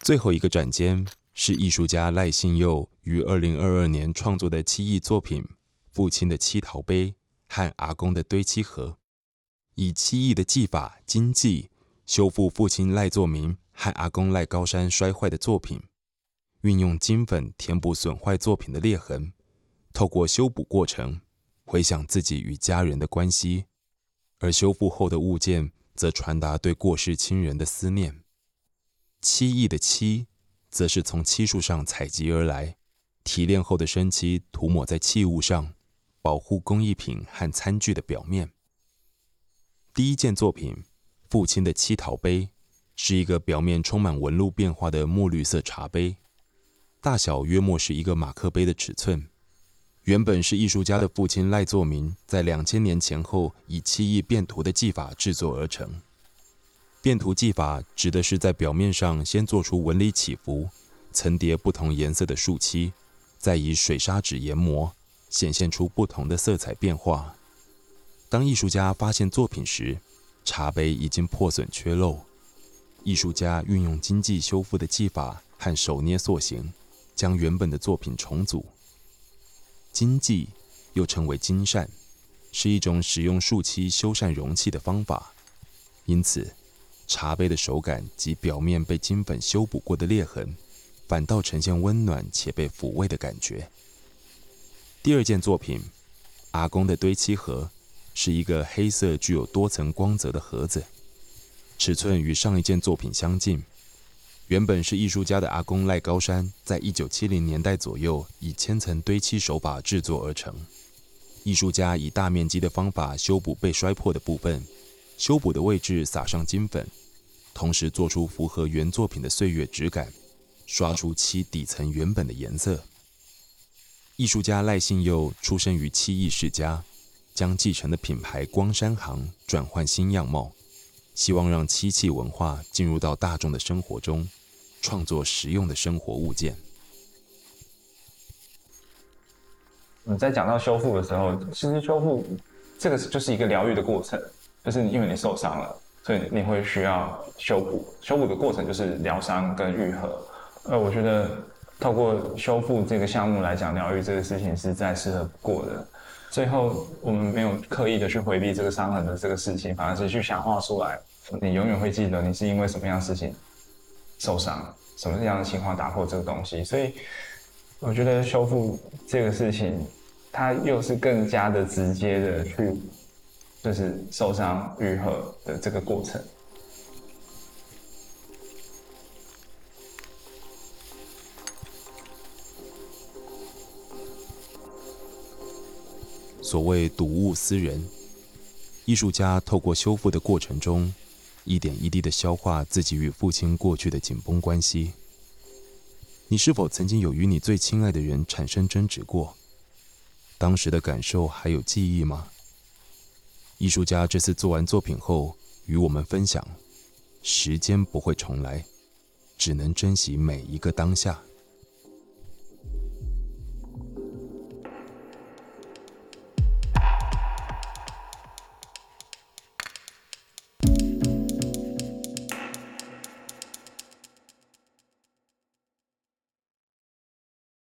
最後一個展間是藝術家賴信佑於二零二二年創作的漆藝作品《父親的漆陶杯》和《阿公的堆漆盒》，以漆藝的技法精細修復父親賴作明和阿公賴高山摔壞的作品，運用金粉填補損壞作品的裂痕，透過修補過程回想自己與家人的關係，而修復後的物件則傳達對過世親人的思念。漆藝的漆，則是從漆樹上採集而來，提煉後的生漆塗抹在器物上，保護工藝品和餐具的表面。第一件作品，父親的漆陶杯，是一個表面充滿紋路變化的墨綠色茶杯，大小約莫是一個馬克杯的尺寸。原本是藝術家的父親賴作明在兩千年前後以漆藝變塗的技法制作而成。變塗技法指的是在表面上先做出紋理起伏，層疊不同顏色的樹漆，再以水砂紙研磨，顯現出不同的色彩變化。當藝術家發現作品時，茶杯已經破損缺漏。藝術家運用金繼修復的技法和手捏塑形，將原本的作品重組。金繼又稱為金繕，是一種使用樹漆修繕容器的方法。因此，茶杯的手感及表面被金粉修補過的裂痕，反倒呈現溫暖且被撫慰的感覺。第二件作品，阿公的堆漆盒，是一個黑色具有多層光澤的盒子，尺寸與上一件作品相近。原本是藝術家的阿公賴高山，在一九七零年代左右以千層堆漆手法製作而成。藝術家以大面積的方法修補被摔破的部分。修補的位置撒上金粉，同時做出符合原作品的歲月質感，刷出漆底層原本的顏色。藝術家賴信佑出生於漆藝世家，將繼承的品牌光山行轉換新樣貌，希望讓漆器文化進入到大眾的生活中，創作實用的生活物件。我們在講到修復的時候，其實修復這個就是一個療癒的過程。就是因為你受傷了，所以你會需要修補。修補的過程就是療傷跟癒合。呃，我覺得透過修復這個項目來講療癒這個事情是再適合不過的。最後我們沒有刻意的去回避這個傷痕的這個事情，反而是去強化出來。你永遠會記得你是因為什麼樣的事情受傷，什麼樣的情況打破這個東西。所以我覺得修復這個事情，它又是更加的直接的去。就是受傷愈合的這個過程。所謂睹物思人，藝術家透過修復的過程中，一點一滴的消化自己與父親過去的緊繃關係。你是否曾經有與你最親愛的人產生爭執過？當時的感受還有記憶嗎？藝術家這次做完作品後，與我們分享：“時間不會重來，只能珍惜每一個當下。”